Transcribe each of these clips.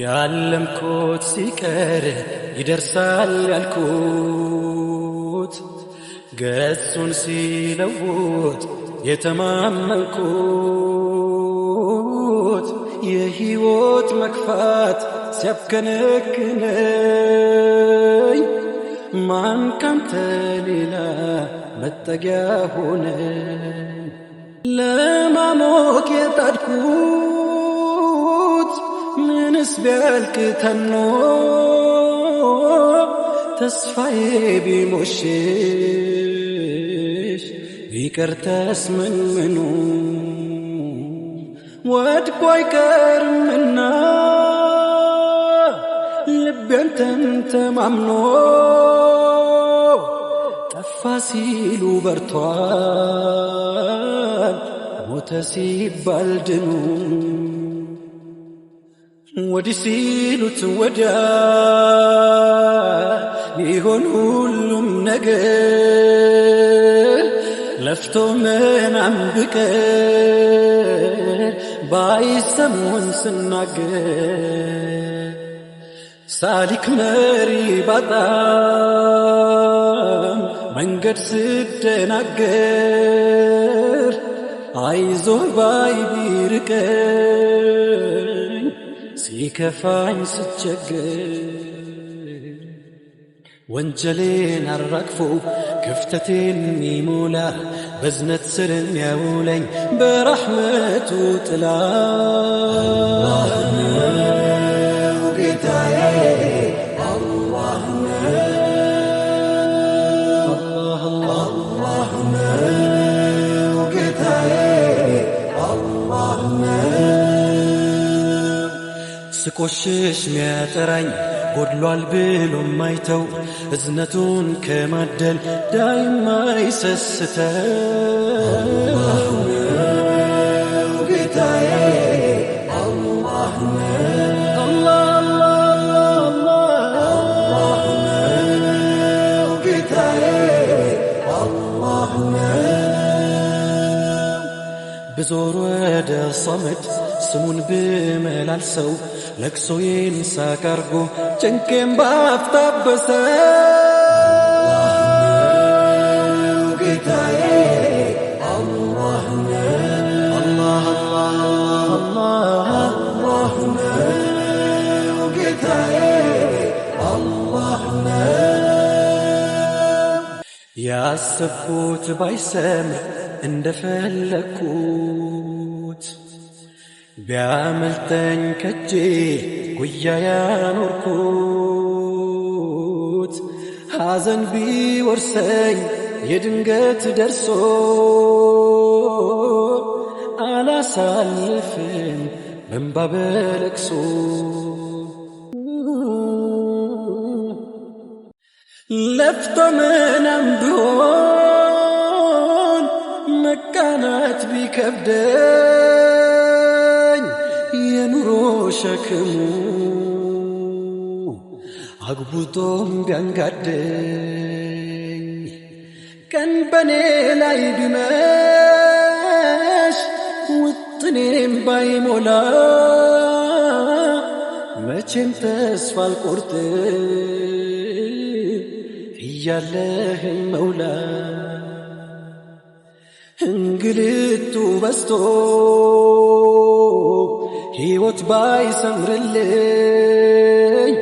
ያለምኮት ሲቀር ይደርሳል ያልኩት ገጹን ሲለውጥ የተማመንኩት የሕይወት መክፋት ሲያብከነክነኝ ማን ካንተ ሌላ መጠጊያ ሆነ? ለማሞቅ የጣድኩት ምንስ ቢያልቅተን ነው ተስፋዬ ቢሞሽሽ ቢቀርተስ ምንምኑ ወድቆ አይቀርምና ልቤንተን ተማምኖ ፋሲሉ በርቷል ሞተ ሲባል ድኑ ወዲህ ሲሉት ወዲያ ሊሆን ሁሉም ነገር ለፍቶ ምናምን ብቀር ባይሰሙን ስናገር سالك مري بدام من قد ستنا قير عايزو باي بيرك سيك فاين ستشك وانجلين الركفو كفتتين ميمولا بزنة سرن يا ولي برحمة تلا الله ነው ስቆሽሽ ሚያጠራኝ ጎድሏል ብሎ ማይተው እዝነቱን ከማደል ዳይማ ይሰስተው ብዞር ወደ ሰምድ ስሙን ብመላልሰው ለቅሶ ይንሳ ካርጎ ጭንቄም ባፍታበሰ ያሰብኩት ባይሰምር እንደፈለግኩት ቢያመልጠኝ ከጄ ጉያ ያኖርኩት ሐዘን ቢወርሰኝ የድንገት ደርሶ አላሳልፍም በእንባ በለቅሶ ለፍቶ ምናም ቢሆን መቃናት ቢከብደኝ የኑሮ ሸክሙ አግቡቶም ቢያንጋደኝ ቀን በኔ ላይ ቢመሽ ውጥኔም ባይሞላ መቼም ተስፋ አልቆርጥ እያለህኝ መውላ እንግልቱ በስቶ ሕይወት ባይሰምርልኝ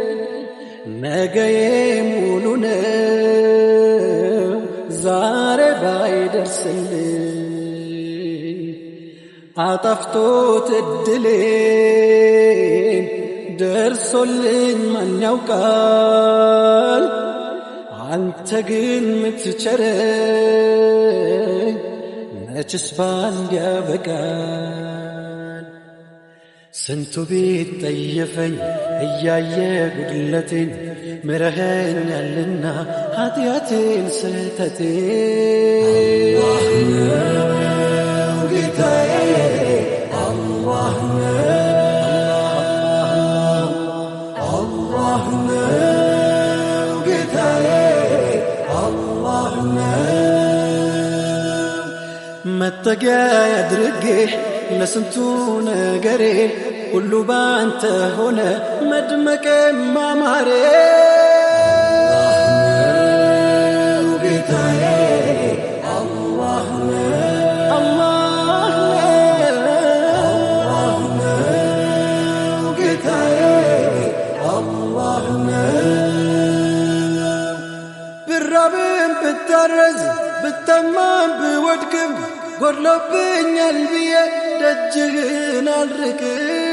ነገዬ ሙሉ ነው ዛሬ ባይደርስልኝ አጠፍቶት እድሌን ደርሶልኝ ማን ያውቃል አንተ ግን ምትቸረኝ ለተስፋ እንዲያበቃን ስንቱ ቤት ጠየፈኝ እያየ ጉድለቴን ምረኸኛልና ኃጢአቴን ስህተቴ ጌታዬ መጠጊያ ያድርግህ ለስንቱ ነገሬ ሁሉ ባንተ ሆነ መድመቄ ማማሬ ብራብን ብታረዝ ብታማም ብወድቅም ጎድሎብኛል ብዬ ደጅህን አልርቅም